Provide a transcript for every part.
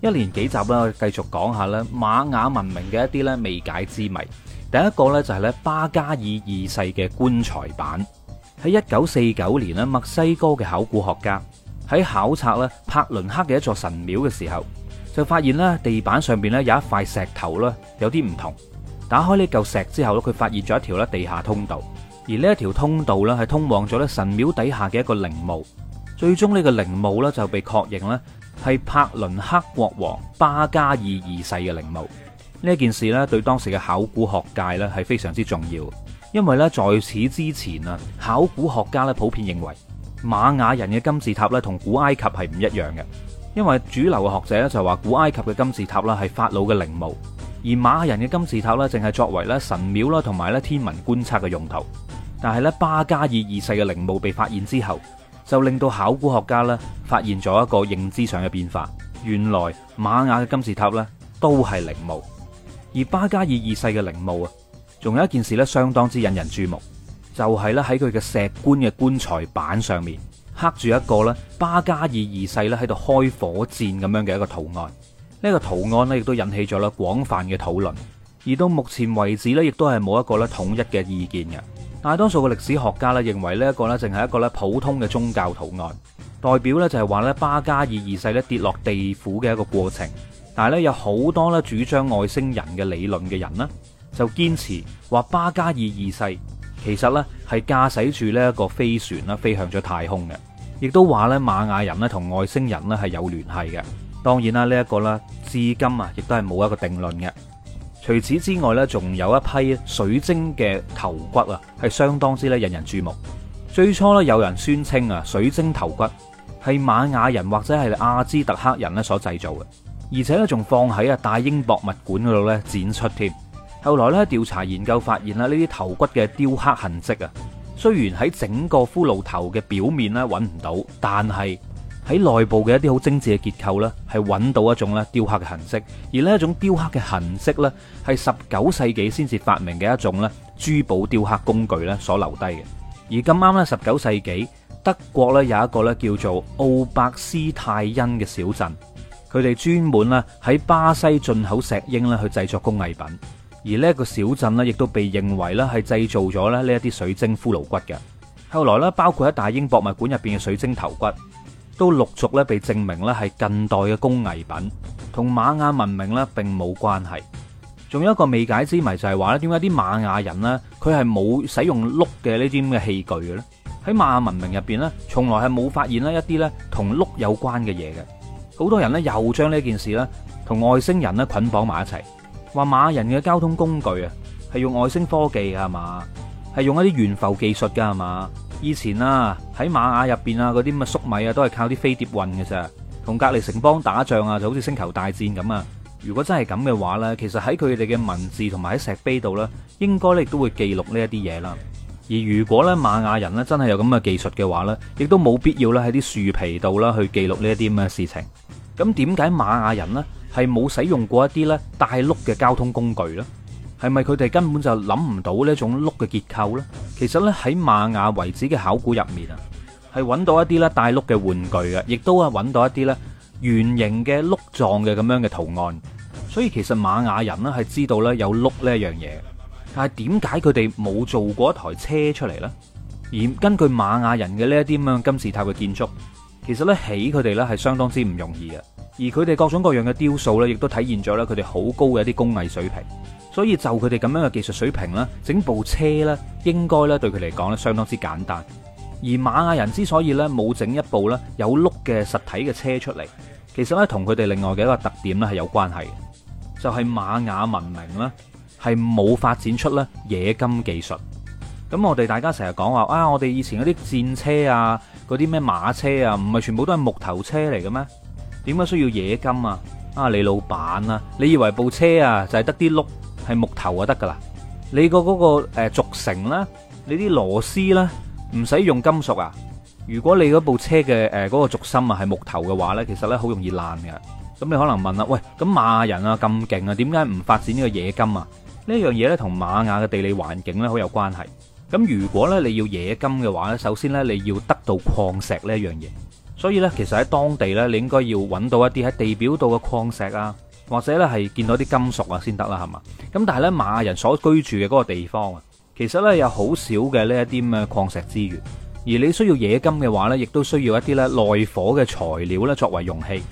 一連幾集咧，我繼續講下咧瑪雅文明嘅一啲咧未解之謎。第一個咧就係咧巴加爾二世嘅棺材板。喺一九四九年咧，墨西哥嘅考古學家喺考察咧帕倫克嘅一座神廟嘅時候，就發現咧地板上邊咧有一塊石頭啦，有啲唔同。打開呢嚿石之後咧，佢發現咗一條咧地下通道，而呢一條通道咧係通往咗咧神廟底下嘅一個陵墓。最終呢個陵墓咧就被確認咧。係柏倫克國王巴加爾二世嘅陵墓。呢件事咧對當時嘅考古學界咧係非常之重要，因為咧在此之前啊，考古學家咧普遍認為瑪雅人嘅金字塔咧同古埃及係唔一樣嘅，因為主流嘅學者咧就話古埃及嘅金字塔咧係法老嘅陵墓，而瑪雅人嘅金字塔咧淨係作為咧神廟啦同埋咧天文觀測嘅用途，但係咧巴加爾二世嘅陵墓被發現之後，就令到考古學家咧發現咗一個認知上嘅變化，原來瑪雅嘅金字塔咧都係陵墓，而巴加爾二世嘅陵墓啊，仲有一件事咧相當之引人注目，就係咧喺佢嘅石棺嘅棺材板上面刻住一個咧巴加爾二世咧喺度開火箭咁樣嘅一個圖案，呢、這個圖案咧亦都引起咗咧廣泛嘅討論，而到目前為止，咧亦都係冇一個咧統一嘅意見嘅。大多數嘅歷史學家咧認為呢一個咧淨係一個咧普通嘅宗教圖案，代表咧就係話咧巴加爾二世咧跌落地府嘅一個過程。但係咧有好多咧主張外星人嘅理論嘅人咧，就堅持話巴加爾二世其實咧係駕駛住呢一個飛船啦飛向咗太空嘅，亦都話咧瑪雅人咧同外星人咧係有聯繫嘅。當然啦，呢一個咧至今啊亦都係冇一個定論嘅。除此之外咧，仲有一批水晶嘅頭骨啊，係相當之咧引人注目。最初咧，有人宣稱啊，水晶頭骨係瑪雅人或者係阿茲特克人咧所製造嘅，而且咧仲放喺啊大英博物館度咧展出添。後來咧調查研究發現啦，呢啲頭骨嘅雕刻痕跡啊，雖然喺整個骷髏頭嘅表面咧揾唔到，但係，喺內部嘅一啲好精緻嘅結構呢，係揾到一種咧雕刻嘅痕跡，而呢一種雕刻嘅痕跡呢，係十九世紀先至發明嘅一種咧珠寶雕刻工具呢所留低嘅。而咁啱呢，十九世紀德國呢有一個咧叫做奧伯斯泰恩嘅小鎮，佢哋專門咧喺巴西進口石英咧去製作工藝品，而呢一個小鎮呢，亦都被認為咧係製造咗呢一啲水晶骷髏骨嘅。後來咧，包括喺大英博物館入邊嘅水晶頭骨，都陸續咧被證明咧係近代嘅工藝品，同瑪雅文明咧並冇關係。仲有一個未解之謎就係話咧，點解啲瑪雅人咧佢係冇使用轆嘅呢啲咁嘅器具嘅咧？喺瑪雅文明入邊咧，從來係冇發現咧一啲咧同轆有關嘅嘢嘅。好多人咧又將呢一件事咧同外星人咧捆綁埋一齊，話瑪雅人嘅交通工具啊係用外星科技啊嘛，係用一啲懸浮技術㗎係嘛？以前啊，喺瑪雅入邊啊，嗰啲咁嘅粟米啊，都係靠啲飛碟運嘅咋，同隔離城邦打仗啊，就好似星球大戰咁啊。如果真係咁嘅話呢，其實喺佢哋嘅文字同埋喺石碑度呢，應該咧亦都會記錄呢一啲嘢啦。而如果呢瑪，瑪雅人呢，真係有咁嘅技術嘅話呢，亦都冇必要咧喺啲樹皮度啦去記錄呢一啲咁嘅事情。咁點解瑪雅人呢，係冇使用過一啲呢大碌嘅交通工具呢？係咪佢哋根本就諗唔到呢一種碌嘅結構咧？其實咧喺瑪雅遺址嘅考古入面啊，係揾到一啲咧帶碌嘅玩具啊，亦都啊揾到一啲咧圓形嘅碌狀嘅咁樣嘅圖案。所以其實瑪雅人咧係知道咧有碌呢一樣嘢。但係點解佢哋冇做過一台車出嚟呢？而根據瑪雅人嘅呢一啲咁樣金字塔嘅建築，其實咧起佢哋咧係相當之唔容易嘅，而佢哋各種各樣嘅雕塑咧，亦都體現咗咧佢哋好高嘅一啲工藝水平。所以就佢哋咁樣嘅技術水平咧，整部車呢應該呢對佢嚟講呢相當之簡單。而瑪雅人之所以呢冇整一部呢有碌嘅實體嘅車出嚟，其實呢同佢哋另外嘅一個特點呢係有關係嘅，就係瑪雅文明呢係冇發展出呢冶金技術。咁我哋大家成日講話啊，我哋以前嗰啲戰車啊，嗰啲咩馬車啊，唔係全部都係木頭車嚟嘅咩？點解需要冶金啊？啊，你老闆啊，你以為部車啊就係得啲碌？係木頭就得噶啦，你個嗰個誒軸承啦，你啲螺絲啦，唔使用金屬啊。如果你嗰部車嘅誒嗰個軸心啊係木頭嘅話呢，其實呢好容易爛嘅。咁你可能問啦，喂，咁瑪雅人啊咁勁啊，點解唔發展呢個冶金啊？呢樣嘢呢，同瑪雅嘅地理環境呢好有關係。咁如果呢你要冶金嘅話呢，首先呢你要得到礦石呢一樣嘢。所以呢，其實喺當地呢，你應該要揾到一啲喺地表度嘅礦石啊。或者咧係見到啲金屬啊先得啦，係嘛？咁但係咧，瑪雅人所居住嘅嗰個地方啊，其實咧有好少嘅呢一啲咁嘅礦石資源。而你需要冶金嘅話呢，亦都需要一啲咧耐火嘅材料咧作為容器。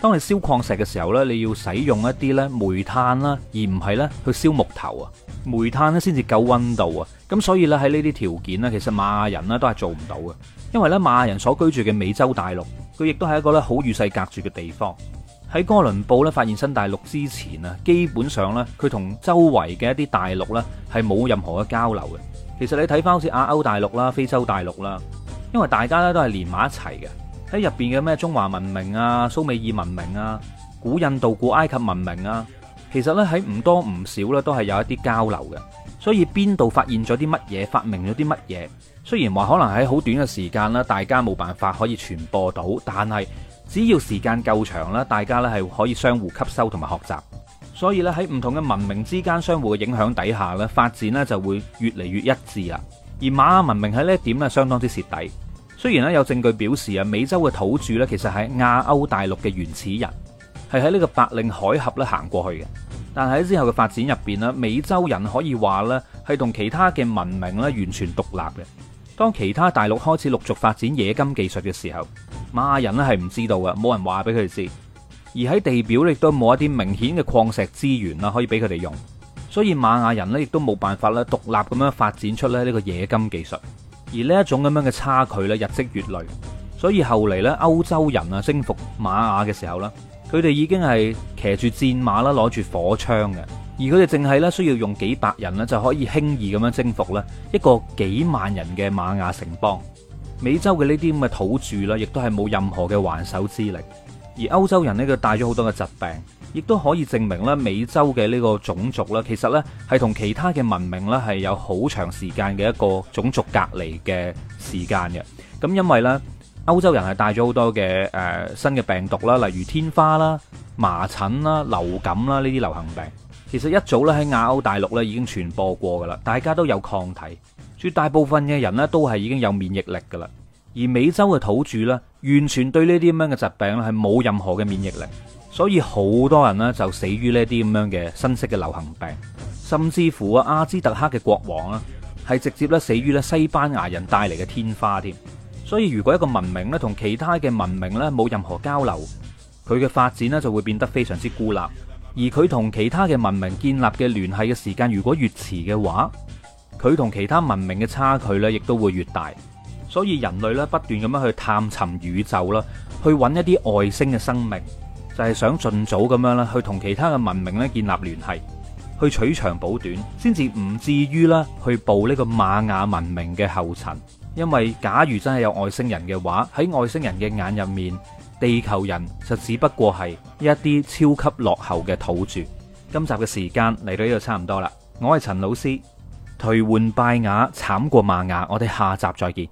當你燒礦石嘅時候呢，你要使用一啲咧煤炭啦，而唔係咧去燒木頭啊。煤炭咧先至夠溫度啊。咁所以咧喺呢啲條件呢，其實瑪雅人呢都係做唔到嘅，因為咧瑪雅人所居住嘅美洲大陸，佢亦都係一個咧好與世隔絕嘅地方。喺哥倫布咧發現新大陸之前啊，基本上咧佢同周圍嘅一啲大陸咧係冇任何嘅交流嘅。其實你睇返好似亞歐大陸啦、非洲大陸啦，因為大家咧都係連埋一齊嘅。喺入邊嘅咩中華文明啊、蘇美爾文明啊、古印度、古埃及文明啊，其實咧喺唔多唔少咧都係有一啲交流嘅。所以邊度發現咗啲乜嘢、發明咗啲乜嘢，雖然話可能喺好短嘅時間啦，大家冇辦法可以傳播到，但係。只要時間夠長啦，大家咧係可以相互吸收同埋學習，所以咧喺唔同嘅文明之間相互嘅影響底下咧，發展咧就會越嚟越一致啊。而瑪雅文明喺呢一點咧相當之蝕底。雖然咧有證據表示啊，美洲嘅土著咧其實係亞歐大陸嘅原始人，係喺呢個白令海峽咧行過去嘅，但係之後嘅發展入邊咧，美洲人可以話咧係同其他嘅文明咧完全獨立嘅。當其他大陸開始陸續發展冶金技術嘅時候，瑪雅人咧係唔知道嘅，冇人話俾佢哋知，而喺地表亦都冇一啲明顯嘅礦石資源啦，可以俾佢哋用，所以瑪雅人咧亦都冇辦法咧獨立咁樣發展出咧呢個冶金技術，而呢一種咁樣嘅差距咧日積月累，所以後嚟咧歐洲人啊征服瑪雅嘅時候啦，佢哋已經係騎住戰馬啦，攞住火槍嘅，而佢哋淨係咧需要用幾百人咧就可以輕易咁樣征服咧一個幾萬人嘅瑪雅城邦。美洲嘅呢啲咁嘅土著啦，亦都係冇任何嘅還手之力，而歐洲人呢佢帶咗好多嘅疾病，亦都可以證明咧美洲嘅呢個種族啦，其實呢係同其他嘅文明呢係有好長時間嘅一個種族隔離嘅時間嘅，咁因為呢，歐洲人係帶咗好多嘅誒、呃、新嘅病毒啦，例如天花啦、麻疹啦、流感啦呢啲流行病。其實一早咧喺亞歐大陸咧已經傳播過噶啦，大家都有抗體，絕大部分嘅人咧都係已經有免疫力噶啦。而美洲嘅土著呢，完全對呢啲咁樣嘅疾病咧係冇任何嘅免疫力，所以好多人呢就死於呢啲咁樣嘅新式嘅流行病，甚至乎啊阿茲特克嘅國王啊係直接咧死於咧西班牙人帶嚟嘅天花添。所以如果一個文明呢同其他嘅文明呢冇任何交流，佢嘅發展呢就會變得非常之孤立。而佢同其他嘅文明建立嘅聯繫嘅時間，如果越遲嘅話，佢同其他文明嘅差距咧，亦都會越大。所以人類咧，不斷咁樣去探尋宇宙啦，去揾一啲外星嘅生命，就係想盡早咁樣啦去同其他嘅文明咧建立聯繫，去取長補短，先至唔至於啦去步呢個瑪雅文明嘅後塵。因為假如真係有外星人嘅話，喺外星人嘅眼入面。地球人就只不過係一啲超級落後嘅土著。今集嘅時間嚟到呢度差唔多啦，我係陳老師，頹垣 敗瓦，慘過瑪雅，我哋下集再見。